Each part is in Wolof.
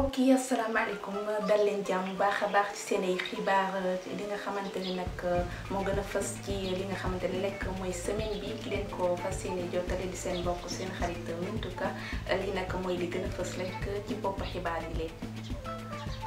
mbokk yi asalaamaaleykum dal leen jàmm bu baax a baax seen ay xibaar li nga xamante ni nag moo gën a fës ci li nga xamante ni lekk mooy semaine bi ki leen ko di seen mbokk seen xarit Mintou Ka li nag mooy li gën a fës lekk ci bopp xibaar yi leen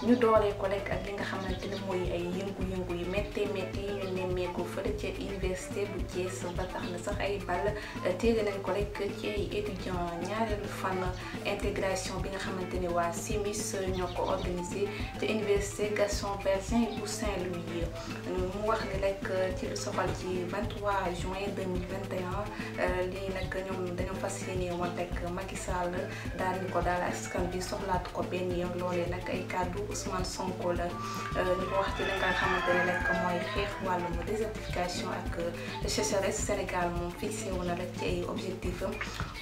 ñu dooree ko rek ak li nga xamante ne mooy ay yëngu-yëngu yu méttee métti yi ñu nemmeeku fële ca université bu Thiès ba tax na sax ay ball euh, téere nañ ko rek ci ay étudiants ñaareelu fan intégration bi nga xamante ne waa CIMIS ñoo ko organisé te université Gaston Berger bu Saint-Louis mu wax ni rek euh, ci lu soxal ci 23 juin 2021 euh, lii nag ñoom dañoo fas yéene woon rek Macky Sall daal ni ko daal askan bi soxlaatu ko benn yoon loolee nag ay kàddu. Ousmane Sonko la ñu euh, ko wax ci li nga xamante ne rek mooy xeex wàllum désertification ak euh, sécheresse moom fixé wu na ci ay objectifs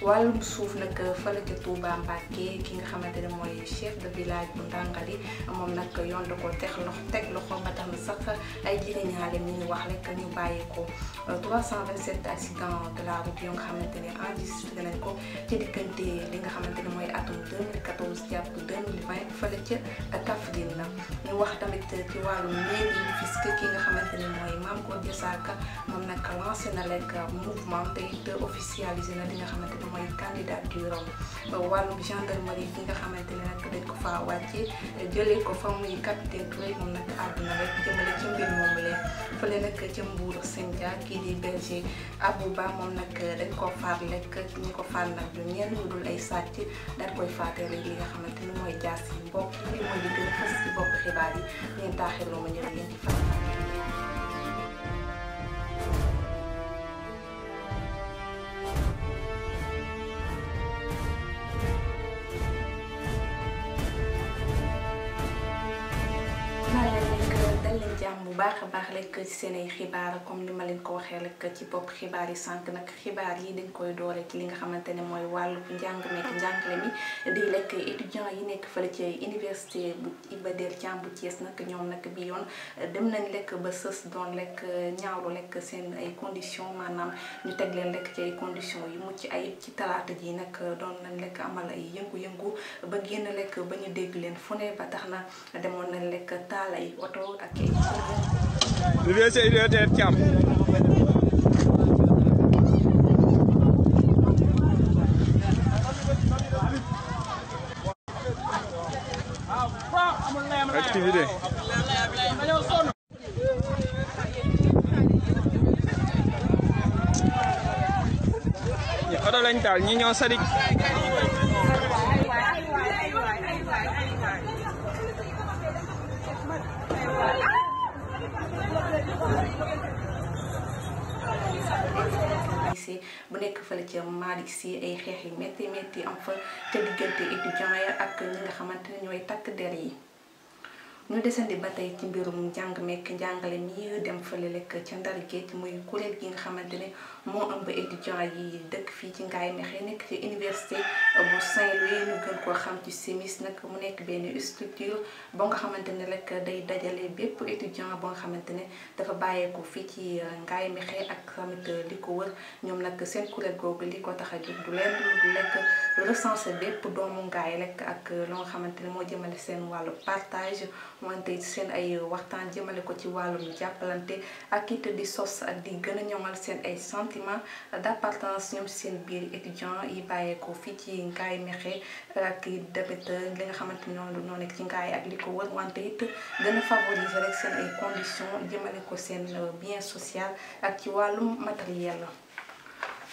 am suuf nag euh, fële ca Touba Mbacké ki nga xamante ne mooy chef de village bu Ndangali moom nag yoon da ko teg loxo teg loxo ba tax na sax ay jëriñaale mi ñu wax rek ñu bàyyi ko 327 accidents de la route yoo nga xamante ne enregistré nañ ko ci diggante li nga xamante ne mooy atum 2014 jàpp 2020 fële ca Kaffrine la ñu wax tamit ci wàllum mairie puisque ki nga xamante ni mooy Mame Goudia Sakka moom nag lancé na lekk mouvement te it officialisé na li nga xamante ni mooy fois wàcc jëlee ko fa muy capitaine Touré moom nag àdduna rek jëmale ci mbir moomu leen fële nag ca Mbour sën Dia kii di berger Abouba moom nag dañ koo faat lekk ñu ko faat nag du ñenn ñu dul ay sàcc daal koy faatee li nga xamante ni mooy jaas yi mbokk yi mooy di gën a fës ci bopp xibaar yi ñeen taaxirloo ma ñëw leen di baax baax lekk seen ay xibaar comme ni ma leen ko waxee rek ci bopp xibaar yi sànq nag xibaar yi dañ koy doore ci li nga xamante ne mooy wàllu njàng meek njàngale di lekk étudiant yi nekk fële ci université bu Iba Der Thiam bu nag ñoom nag bi yoon dem nañ lekk ba sës doon lekk ñaawlu lekk seen ay conditions maanaam ñu teg leen lekk ci conditions yu mucc ayib ci talaata ji nag doon nañ lekk amal ay yëngu-yëngu ba génn lekk ba ñu dégg leen fu ne ba tax na demoon nañ lekk taal ay oto ak ay Université Universitaire Thiam activité ñu oto lañ taal ñi ñoo sadik bu nekk fële ca Malick Sy ay xeex yu métti métti am fa ca diggante étudiants ya ak ñi nga xamante ne ñooy takk der yi. ñu desandi ba tey ci mbirum njàng mekk njàngale mi dem fële lekk ca ndar géej muy kuréel gi nga xamante ne. moo ëmb étudiant yi dëkk fii ci Ngaye Mekhe nekk ci université bu Saint-Louis gën koo xam ci simis nag mu nekk benn structure ba nga xamante ne rek day dajale bépp étudiant boo nga xamante ne dafa bàyyeeku fii ci euh, Ngaye Mekhe ak tamit euh, li ko wër ñoom nag seen kuréel googu li ko tax a jóg du leen du lekk recensé bépp doomu Ngaye lekk ak euh, loo nga xamante ne moo jëmale seen wàllu partage wante seen ay waxtaan jëmale ko ci wàllum jàppalante ak it di sos ak di gën a ñoŋal seen ay sant sentiment d'appartenance ñoom si seen biir étudiant yi bàyyeekoo fii ci Ngaye Mékhé ak debet li nga xamante ni noonu noo nekk ci Ngaye ak li ko wër wante it gën a favoriser rek seen ay conditions jëmale ko seen bien social ak ci wàllum matériel la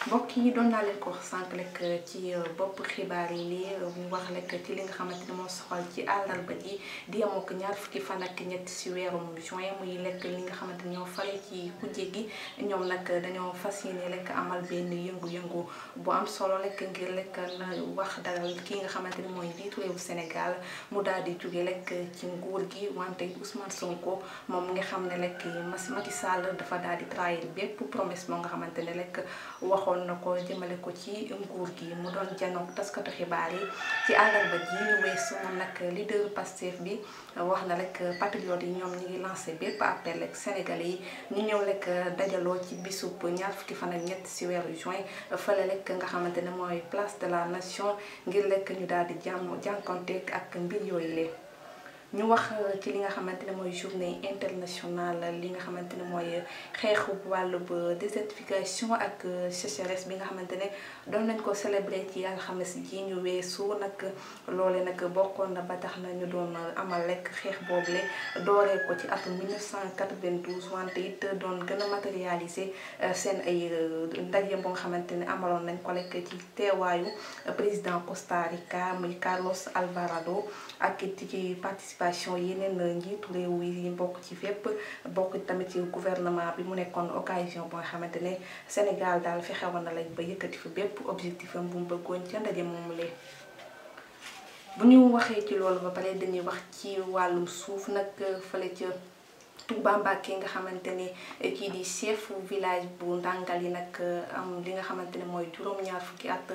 mbokk yi doon naa leen ko wax sànq rek euh, ci euh, bopp xibaar yi lii euh, mu wax rek ci li nga xamante ni moo soxal ci àllarba ji di yemoo ko ñaar fukki fan ak ñett si weeru weerum juin muy lekk li nga xamante ni ñoo fare ci kujje gi ñoom nag dañoo fas yéene rek amal benn yëngu-yëngu bu am solo rek ngir rek na wax dalal ki nga xamante ni mooy njiitu réewu Sénégal mu daal di jóge lekk ci nguur gi wante Ousmane Sonko moom nga xam ne rek Macky Sall dafa daal di trahir bépp promesse moo nga xamante ne rek waxoon defoon na ko jëmale ko ci nguur gi mu doon janoog taskatu xibaar yi ci àllarba ji ñu weesu mu nag leader Pastef bi wax na rek patriote yi ñoom ñi ngi lancé bépp appel ak sénégalais yi ñu ñëw rek dajaloo ci bisub ñaar fukki fan ñett si weeru juin fële rek nga xamante ne mooy place de la nation ngir lekk ñu daal di jàmm jànkonteeg ak mbir yooyu lee ñu wax euh, ci li nga xamante ne mooy journée internationale li nga xamante ne mooy xeexu wàllu ba désertification ak euh, sécheresse bi nga xamante ne doon nañ ko célébrer ci alxames ji ñu weesu nag loole nag bokkoon na ba tax na ñu doon amal lekk xeex boobule dooree ko ci atum 1992 wante it doon gën a matérialiser euh, seen ay ndaje bo nga xamante ni amaloon nañ ko lekk ci teewaayu président Costa Rica muy Carlos Alvarado ak ci participation participation yeneen njiitu réew yi bokk ci fépp bokk tamit ci gouvernement bi mu nekkoon occasion boo xamante ne Sénégal daal fi xewoon na lañ ba yëkkati fi bépp objectif am bu mu bëggoon ca ndaje moomu lee bu ñu waxee ci loolu ba pare dañuy wax ci wàllum suuf nag fële ca. Touba Mbacké nga xamante ne eh, kii di chef village bu Ndangal yi nag eh, am li nga xamante ne mooy juróom-ñaar fukki at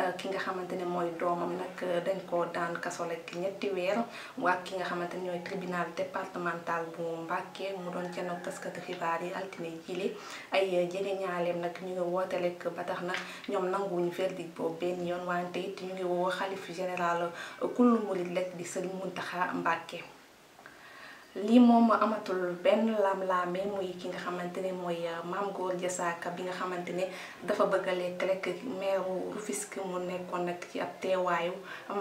eh, ki nga xamante ne mooy doomam nag dañ ko daan kaso rek ñetti weer waa ki nga xamante ne ñooy tribunal départemental bu Mbacké mu doon janoog taskatu xibaar yi altine jili ay jege ñaaleem nag ñu ngi woote rek ba tax na ñoom nanguwuñu verdict boobu benn yoon wante it ñu ngi woo xalif général kullu murid rek di Sëriñ Muntaxa Mbacké lii moom amatul benn laam-laame muy nga xamante ne mooy euh, Mame Gor Diazaka bi nga xamante ne dafa bëgg a lekk lekk maire Rufisque mu nekkoon nag ci ab teewaayu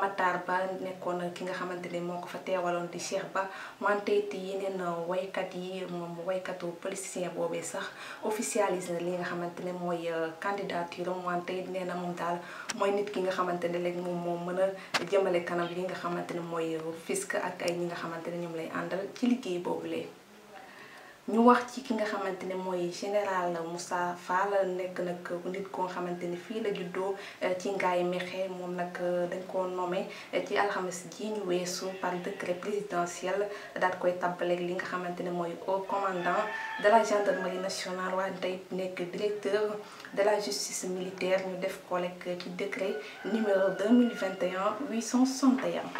Matar Ba nekkoon ki nga xamante ne moo ko fa teewaloon di Cheikh Ba wante it euh, waykat yi moom waykatu politicien boobee sax officialise na nga xamante ne mooy euh, candidature am wante it nee na moom mooy nit ki nga xamante ne léegi moom moo mën a jëmale kanam li nga xamante ne mooy Rufisque ak ay ñi nga xamante ne ñoom lay àndal ci ci liggéey boobu lee ñu wax ci ki nga xamante ne mooy général Moussa Fall nekk nag nit koo xamante ni fii la juddoo eh, ci Ngaye Mékhé moom nag eh, dañ ko nommé eh, ci alxames ji ñu weesu par décret présidentiel daal koy tàbbaleeg li nga xamante ne mooy haut commandant de la gendarmerie nationale waaye tey nekk directeur de justice militaire ñu def ko lekk ci décret numéro mille 2021 861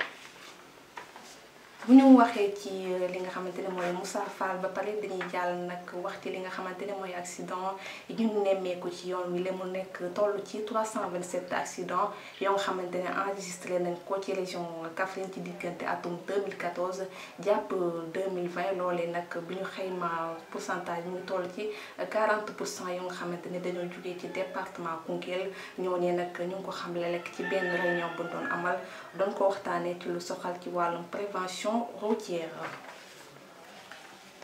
bu ñu waxee ci euh, li nga xamante ne mooy Moussa Fall ba pare dañuy jàll nag wax ci li nga xamante ne mooy accident ñu nemmeeku ci yoon wi la mu nekk toll ci 327 accident yoo nga xamante ne enregistré nañ ko ci région Kaffrine ci diggante atum 2014 jàpp 2020 loolee nag bu ñu xayma pourcentage mu toll ci 40 pour cent yoo nga xamante ne dañoo jugee ci département Koungheul ñooñu nag ñu ngi ko xamle rek ci benn réunion bu ñu doon amal doon ko waxtaanee ci lu soxal ci wàllum prévention. routière.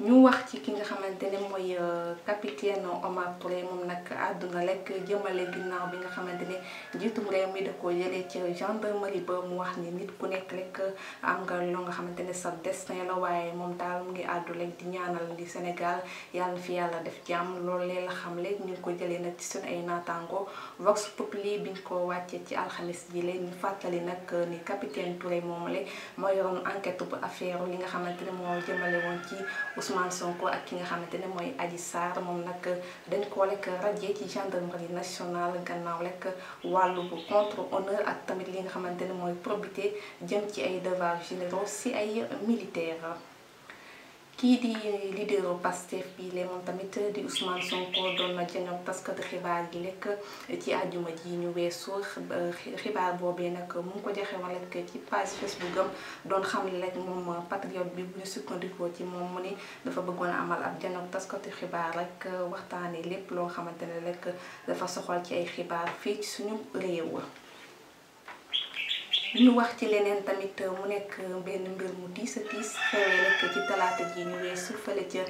ñu wax ci ki nga xamante ne mooy euh, capitaine Omar Touré moom nag àdduna lekk jëmale ginnaaw bi nga xamante ne njiitum réew mi da ko jëlee ci gendarmerie ba mu wax ni nit ku nekk rek am nga nga xamante ne sa la waaye moom daal mu ngi àddu rek di ñaanal di Sénégal yàlla fi yàlla def jàmm loolee la xamle ñu ngi ko jëlee nag ci suñu ay naataango Vox Populi bi ñu ko wàccee ci alxamis ji leen ñu fàttali nag ni capitaine Touré moom la moo yoroon enquête bu affaire li nga xamante ne moo jëmale woon ci. Ousmane Sonko ak ki nga xamante ne mooy Adji Sarr moom nag dañ ko rek radié ci gendarmerie nationale gannaaw rek wàllu bu contre honneur ak tamit li nga xamante ne mooy probité jëm ci ay devoirs généraux si ay militaires. kii di eh, leaderu Pastef bi lee moom tamit di Ousmane Sonko doon na jënam taskatu xibaar yi lekk ci àjjuma ji ñu weesu eh, xibaar boobee nag mu ngi ko joxe woon rek ci page Facebook doon xam ne rek moom patriote bi bu ñu sukkandikoo ci moom mu ni dafa bëggoon amal ab jënam taskatu xibaar rek eh, waxtaanee lépp loo xamante ne rek dafa soxal ci ay xibaar fii ci suñu réew. ñu wax ci leneen tamit euh, mu nekk euh, benn mbir mu tiis a tiis xewee rek ci talaata ji ñu weesu fële ca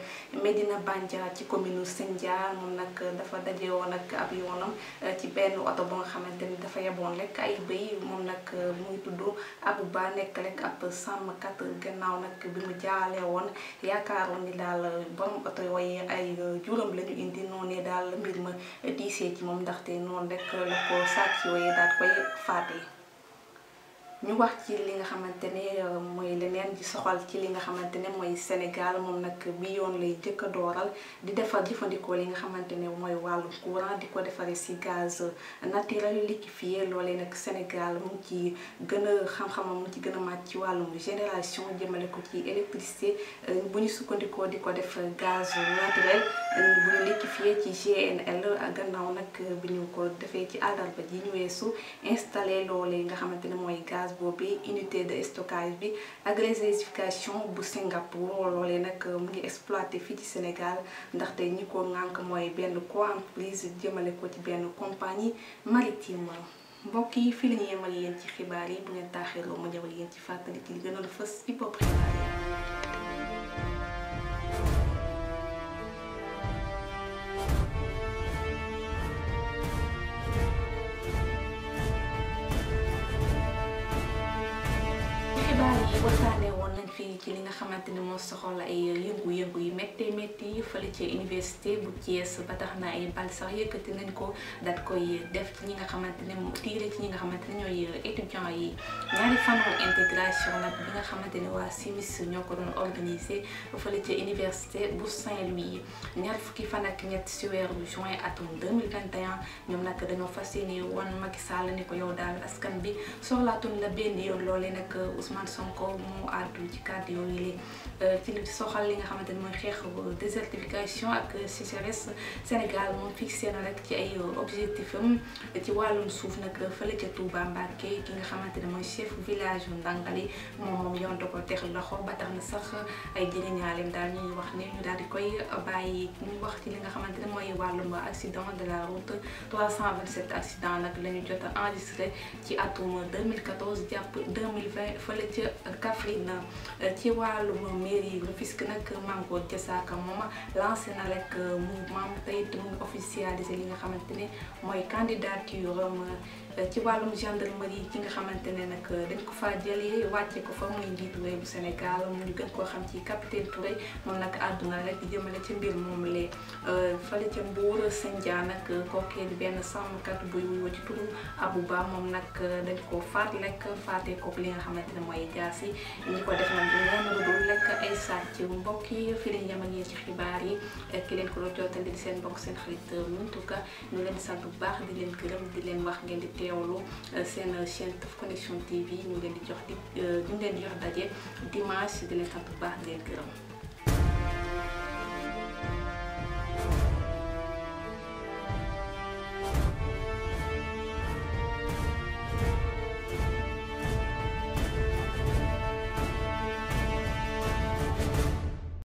Medina Bandia ci commune Sindia moom nag dafa daje woon ak ab yoonam euh, ci benn oto ba nga xamante ni dafa yeboon rek ay bëy moom nag mu tudd Abu Ba nekk rek gannaaw nag bi mu jaalee woon yaakaaroon ni daal borom oto yooye ay juróom la indi noonee daal mbir ma tiisee ci moom ndaxte noonu rek la ko sàcc yooyu daal koy faatee. ñu wax ci li nga xamante ne euh, mooy leneen ci ci li nga xamante ne mooy Sénégal moom nag bi yoon lay jëkk a dooral di defar jëfandikoo li nga xamante ne mooy wàllu courant di ko defaree si gaz euh, naturel liquéfié loolee nag Sénégal mu ci gën a xam-xamam mu ci gën a màcc ci wàllum génération jëmale ko ci électricité euh, bu ñu sukkandikoo di ko def gaz naturel bu ñu liquéfié ci GNL gannaaw nag bi ñu ko defee ci àllarba ji ñu weesu installé loolee nga xamante ne mooy gaz. Strasbourg bi unité de stockage bi ak réservification bu Singapour loolee nag euh, mu ngi exploité fii ci Sénégal ndaxte ñi ko ŋànk mooy benn co-entreprise jëmale ko ci benn compagnie maritime mbokk yi fii la ñu yemal yéen ci xibaar yi bu ngeen taaxeeloo mu ñëwal yéen ci fàttali ci li fës ci bopp xibaar yi fii ci li nga xamante ni moo soxal ay yëngu-yëngu yu méttee métti yi fële ci université bu Thiès ba tax na ay bal sax yëkkati nañ ko daal koy def ci ñi nga xamante ne moom tiire ci ñi nga xamante ne ñooy étudiants yi ñaari fanu intégration nag bi nga xamante ne waa simis ñoo ko doon organisé fële ci université bu Saint-Louis ñaar fukki fan ak ñett si weeru juin atum 2021 ñoom nag dañoo fas yéene woon Macky Sall ni ko yow daal askan bi soxlaatuñ la benn yoon loolee nag Ousmane Sonko moo àddu ci cadre yooyu léegi film soxal li nga xamante ni mooy xeex désertification ak seres Sénégal moom fixé na rek ci ay objectif am ci wàllum suuf nag fële ca Touba Mbacké ki nga xamante ne mooy chef village yu Ndangali moom moom yoon ko teg loxo ba tax na sax ay jegeñaaleem daal ñuy wax ne daal di koy bàyyi ñu wax ci li nga xamante ne mooy wàllum accident de la route 327 accident nag la ñu jot a enregistré ci atum 2014 jàpp 2020 fële ca na ci euh, wàllum mairie Rufisque nag Mango Diazaka moom lancé na rek euh, mouvement tey it mu officialisé li nga xamante ne mooy candidature euh, ci wàllum gendarmerie ki nga xamante ne nag euh, dañ ko fa jëlee wàcce ko fa muy njiitu réew bu Sénégal mu ñu gën koo xam ci capitaine Touré moom nag àdduna rek jëmale ci mbir moom lee euh, fële ca Mbour Sindia nag euh, kookee di benn sàmmkat buy wuyoo ci turu moom nag dañ ko faat lekk faatee ko li nga xamante ne mooy jaas yi ñu ko def nag lenn lu dul lekk ay sàcc mbokk yi fi lañ yem ci xibaar yi ki leen ko doon jottali di seen mbokk seen xarit Mountou Ka leen sant bu baax di leen gërëm di leen wax ngeen di teewlu euh, seen chaîne Teuf Connection TV ñu ngi di jox di euh, ñu ngi leen di jox daje dimanche di leen sant baax di leen